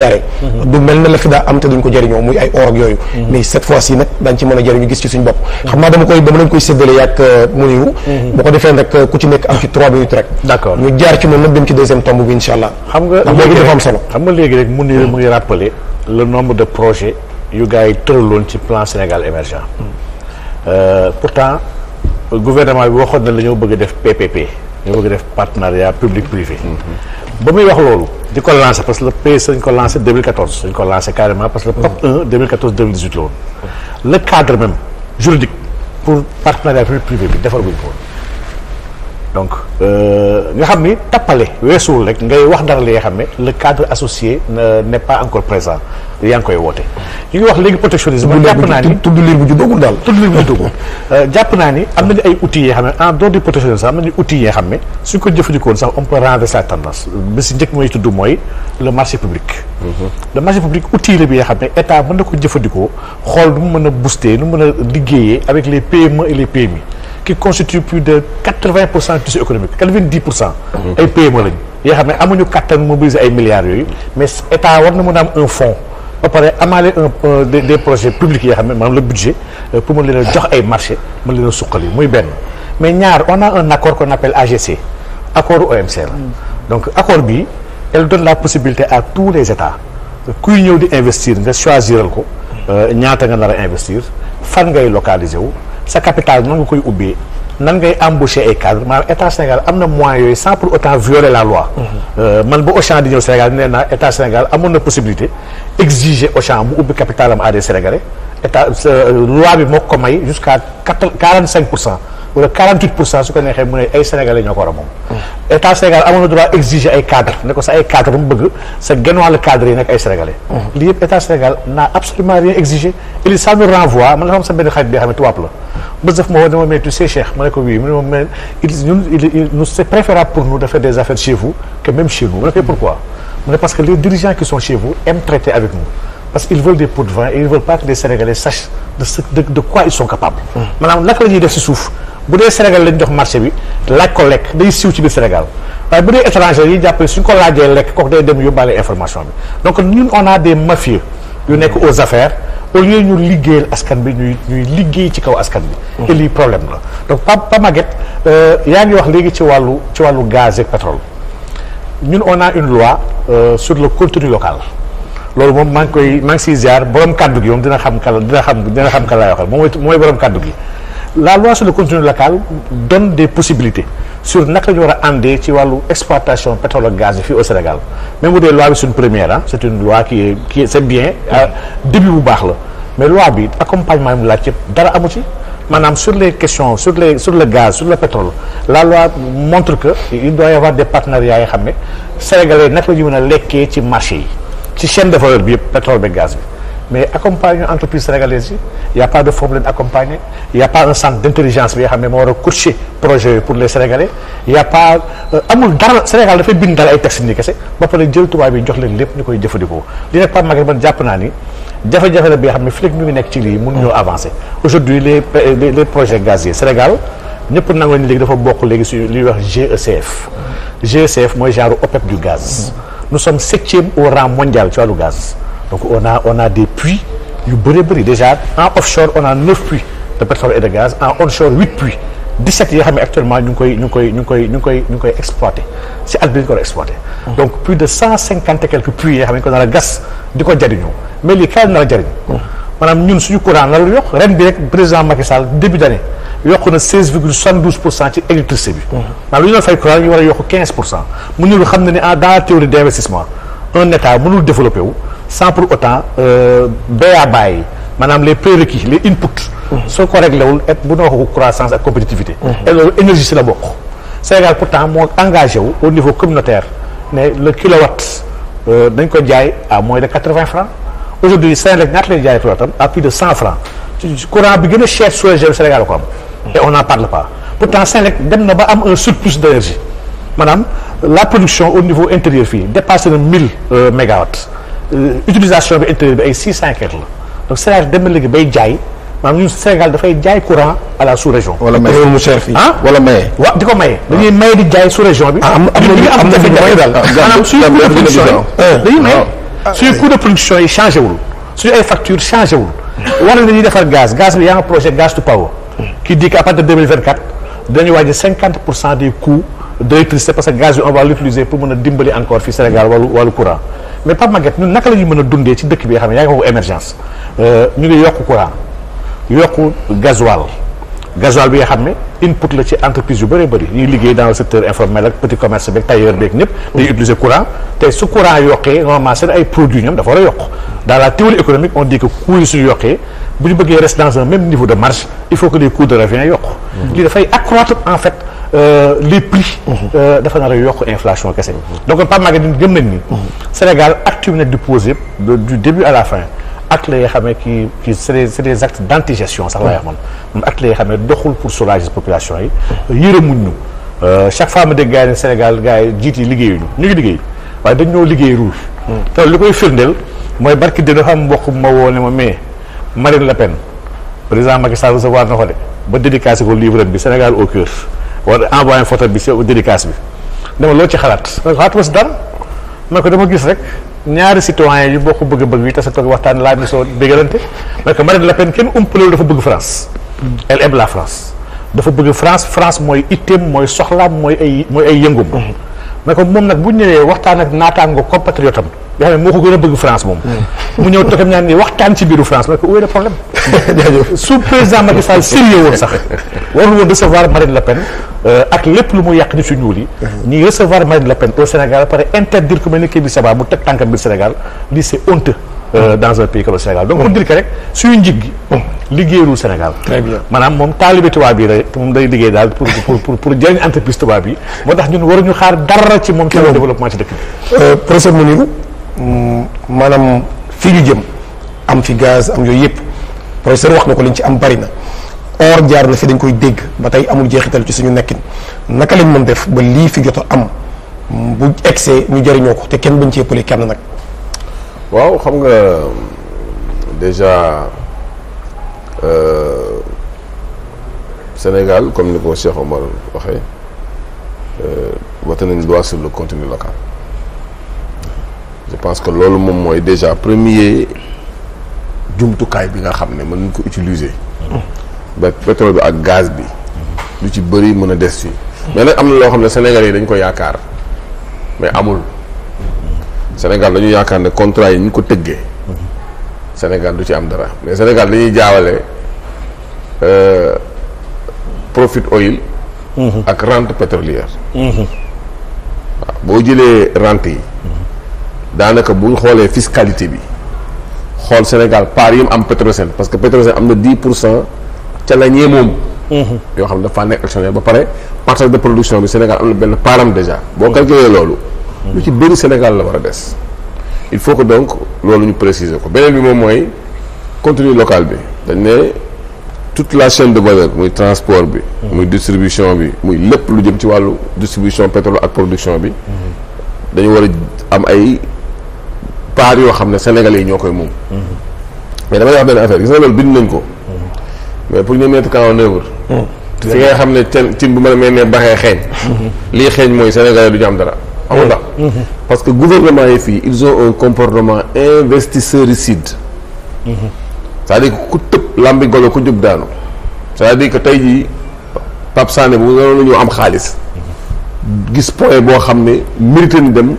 Mhm. du mel na la fi daa am te duñ ko jëriñoo muy ay or ak yooyu mhm. mais cette fois ci nag dañ ci mën a jëriñu gis ci suñ bopp mhm. xam naa dama koy dama lañ koy séddale yàgg euh, mu niwu bu ko defee nag euh, ku ci nekk am ci trois minutes rek d'accord ñu jaar ci moom nag dem ci deuxième tomb bi insha allah xam nga léegi dafa am solo xam nga léegi rek mu niwu mu ngi rappeler le nombre de projets yu gars yi tëraloon ci plan Sénégal émergent hmm. euh, pourtant gouvernement bi waxoon na la ñoo bëgg a def PPP ñu bëgg def partenariat public privé. ba muy wax loolu di ko lancé parce que le PS dañ ko lancé 2014 dañ ko lancé carrément parce que le PAP 1 2014 2018 la woon le juridique pour partenariat public privé bi defar guñ ko Euh, nga xam ni tappale weesuwul rek ngay wax dara li nga xam ne le cadre associé euh, n'est pas encore présent yaa ngi koy woote. ñu ngi wax léegi protectionnisme. jàpp naa ni tudd liir bu juddagul daal tudd liir bu juddagul. Euh, jàpp naa ni am nañu ay outils yoo xam ne en dehors du protectionnisme am nañu outils yoo xam ne suñ ko jëfandikoon sax on peut renverser la tendance bi si njëkk mooy tudd mooy le marché public. Mhm. le marché public outil bi nga xam ne état mën na ko jëfandikoo xool nu mu mën a booster nu mu mën a liggéeyee avec les PME et les qui constitue plus de quatre-vingt pour cent du tissu économique quatre-vingt-dix pour cent. Mhm. ay PME lañ. yoo xam ne amuñu kattan mobiliser ay milliards yooyu mais état war na mun am un fonds ba pare amaale un des projets publics yoo xam ne maanaam la budget euh, pour mën leen a jox ay marché mën leen a suqali muy benn mais ñaar on a un accord qu'on appelle AGC accord OMC la. Mm. donc accord bi el donne la possibilité à tous les états kuy ñëw di investir nga choisiral ko euh, ñaata nga nar investir fan ngay localiser wu. sa capital nan nga koy ubbi nan ngay embaucher ay cadres maanaam état Sénégal am na moyens yooyu sans pour autant violer la loi. Mhm. Euh, man ba Auchan di ñëw Sénégal nee naa état Sénégal amoon na possibilité exiger Auchan bu ubbi capital am à des Sénégalais état euh, loi bi moo ko may jusqu'à quatre quarante cinq pour cent. wala 48 pour cent su ne ay sénégalais ñoo ko war a moom. état Sénégal ay cadre ne ko sa ay cadre bu sa genn wàllu cadre yi nekk ay sénégalais. Mm-hmm. lii yëpp état Sénégal n'a absolument rien exigé et li nous renvoie man la xam sa benn xarit bi nga xam ma woo dama mais tu sais Cheikh ma ne parce que les dirigeants qui sont chez vous traiter avec nous. parce qu'ils veulent des pots de et ne veulent pas que les Sénégalais sachent de quoi ils sont capables. Mm-hmm. bu dee Sénégal lañ jox marché bi laaj ko lekk day siiw ci biir Sénégal waaye bu dee étranger yi jàpp suñ ko laajee lekk kooku day dem yóbbaale information bi donc ñun on a des mafieux yu nekk mm-hmm. aux affaires au lieu ñu liggéeyal askan bi ñuy ñuy liggéey ci kaw askan bi. Mm-hmm. et lii problème la donc Pa Pa Maguette euh, yaa ngi wax léegi ci wàllu ci wàllu gaz ak pétrole ñun on a une loi euh, sur le contenu local loolu moom maa ngi koy maa ngi siy ziar borom kaddu gi moom dina xam kala dina xam dina xam kala lay waxal moom mooy borom kaddu gi. la loi sur le contenu local donne des possibilités sur nag la ñu war a àndee ci wàllu exploitation pétrole ak gaz yi fii au Sénégal même bu dee loi bi suñu première ah c' est une loi qui est qui bien euh, début bu baax la mais loi bi accompagnement yi mu laaj yëpp dara amu ci maanaam sur les questions sur les sur le gaz le pétrole la loi montre que il doit y avoir des partenariats yoo xam ne sénégalais naka la ñu mën a lekkee ci marché yi ci chaîne de valeur bi yëpp pétrole bi gaz bi. mais accompagner entreprise sénégalaise yi y' pas de forme leen accompagner y' a pas un centre d' bi nga xam ne moo war a coacher projet yooyu pour les sénégalais y' pas euh, amul dara Sénégal dafay bind daal ay textes ni kese ba pare jël tubaab jox leen lépp ñu koy jëfandikoo li nag Pape Maguette jàpp naa ni jafe-jafe la bi nga xam ne fii ñu ngi nekk ci lii. mun ñoo avancer aujourd'hui les les les projets gaziers Sénégal ñëpp nangoo ni léegi dafa bokk léegi suñu li ñuy wax GECF. GECF mooy genre OPEP du gaz. nous sommes septième au mondial ci wàllu gaz. donc on a on a des puits yu bëri bëri déjà en offshore on a neuf de pétrole et de gaz en onshore huit puits dix-sept yoo xam ne actuellement ñu ngi koy ngi koy ñu ngi exploité si at bi ñu ko war a exploité ah. donc plus de cent cinquante et quelques puits yoo xam ne ko a gas di ko jariñoo mais lii kaay nar a jariñ ah. maanaam ñun suñu courant nar a yokk ren bi rek président Macky Sall début d'année yokk na pour cent ci électricité bi ah. maanaam lu ñu doon fay courant ñu war a yokk 15 pour cent mu ñu xam ne ne dans wu sans pour autant béyaa euh, bàyyi maanaam les prérequis les inputs. soo ko réglé wul et bu noo ko croissance ak compétitivité. et loolu énergie si la bokk. Sénégal pourtant moo engagé wu au niveau communautaire ne le kilowatt euh, dañ ko jaay à moins de quatre-vingts francs aujourd'hui Sénégal ñaata lay jaay kilowattam à plus de cent francs courant bi gën a cher sous région Sénégal ko am. et on n'en parle pas pourtant Sénégal dem na ba am un surplus d'énergie maanaam la production au niveau intérieur fii dépassé na mille euh, mégawatts. utilisation bi intérieure bi ay six cent quelque la donc Sénégal dem jaay maanaam ñun dafay jaay courant a la sous-région. wala maye mu cher ah? wala maye. waaw di ko maye. Ah. dañuy maye di jaay sous-région bi. Ah, am am na ñu maye daal maanaam suñu coût de production yi dañuy maye suñu de production yi changé wul suñu ay facture changé wul. wala dañuy defar gaz gaz bi y a un projet gaz to power. qui dit qu'à partir de 2024 dinañu wàññi 50 pour cent des coûts d'électricité parce que gaz bi on va l'utiliser pour mën a dimbali encore fii Sénégal w wàllu courant. mais Pape Maguette ñun naka la ñuy mën a dundee ci dëkk bi nga xam ne yaa ngi foofu émergence euh, ñu ngi yokk courant yokku gasoil gasoil bi nga xam ne input la ci entreprise yu bëree bëri ñuy liggéey dans le secteur informel ak petit commerce beeg tailleur beeg ñëpp dañuy mm-hmm. utiliser courant te su courant yokkee normalement seen ay produits ñoom dafa war a yokk dans la théorie on dit que coûts yi suñu yokkee bu ñu bëggee reste dans un niveau de marge il faut que les Euh, les prix. Euh, dafa nar a yokk inflation kese. donc Pape Maguette gëm nañ ni. Sénégal acte bi nag di posé du début à la fin acte la yoo xam ne kii kii c'est des c'est des actes d'antigestion sax la yoo xam ne acte la doxul pour soulager population yi. yërëmuñ ñu euh, chaque fois ma dégg gars yi ne Sénégal gars yi jiit yi liggéeyuñu ñu ngi liggéey waaye dañ ñoo liggéey ruur. te li koy firndeel mooy barki dina xam mbokk ma woo ne ma mais Marine Le Pen président Macky bi Sénégal au cœur. war envoyé photo bi sa dédicace bi dama loo ci xalaat xalaatuma si dara ma ko dama gis rek ñaari citoyen yu bokk bëgg-bëgg yi tasa toog waxtaan laa misoo déggalante parce que Marine Le Pen kenn umpalewul dafa bëgg France elle France dafa bëgg France France mooy itteem mooy soxlaam mooy ay yëngum mm-hmm. mais comme moom nag bu ñëwee waxtaan ak naataango compatriotam yoo xam ne moo ko gën a bëgg France moom mm-hmm. mu ñëw toogam ñaan ni waxtaan ci biiru France ma ko où est Euh, ak lépp lu mu yàq nit su ñuul yi. ñuy mhm. recevoir Marine Le Pen au Sénégal pare interdire ku mel ni bi Seba mu teg tànkam biir Sénégal lii c'est honteux euh, mhm. dans un pays comme le Sénégal donc pour mhm. dire que rek suñu njig gi liggéeyul Sénégal très bien maanaam moom taalibe tubaab yi la moom day liggéey daal pour pour pour pour jëriñ entreprise tubaab yi moo tax ñun waruñu xaar dara ci moom ci développement ci dëkk bi euh, professeur Mounirou maanaam fii ñu jëm am fi gaz am yooyu yëpp professeur wax na ko liñ ci am bari na or jaar na fi dañ koy dégg ba tey amul jeexital ci suñu nekkin naka lañ mën def ba lii fi jot a am bu egsee ñu jariñoo ko te kenn bañ ci ëppale kenn nag. waaw xam nga déjà euh, Sénégal comme ni ko Cheikh Omar waxee euh, wate nañ loi sur le contenu local je pense que loolu moom mooy déjà premier jumtukaay bi nga xam ne mën nañ ko utiliser. ba pétrole bi ak gaz bi lu ci bëri mën a des si mais nag am na loo xam ne Sénégal yi dañ ko yaakaar mais amul Sénégal dañu yaakaar ne contrat yi ñu ko tëggee Sénégal du ci am dara mais Sénégal dañuy jaawale euh, profit oil mhm. ak rente pétrolière mhm. waaw boo jëlee rente yi daanaka bu ñu xoolee fiscalité bi xool Sénégal part yi mu am Petrosen parce que Petrosen am na dix pour cent ca la ñee moom. Mhm. yoo xam ne dafa nekk actionnaire ba pare partage de production bi Sénégal am na benn paaram déjà. boo calculé loolu. Mhm. lu ci bëri Sénégal la war a des. il faut que donc loolu ñu préciser ko beneen bi moom mooy contenu local bi dañ ne tout la chaine de valeur muy transport bi. Mhm. muy distribution bi muy lépp lu jëm ci wàllu distribution pétrole ak production bi. dañu war a am ay parts yoo xam ne sénégal yi ñoo koy moom. mais damay wax benn affaire gis nañ ko. mais pour ñu mettre en œuvre. si nga xam ne cin bu ma mel ne baxee xeeñ. lii xeeñ mooy Sénégalais du ñu am dara. parce que gouvernement yi fii ils ont un comportement investisseur-icide. c'est-à-dire que ku tëb làmbi golo ku jub daanu. cest à que tey jii Pape Sané bu nga doon am xaalis. gis point boo xam ne mérité dem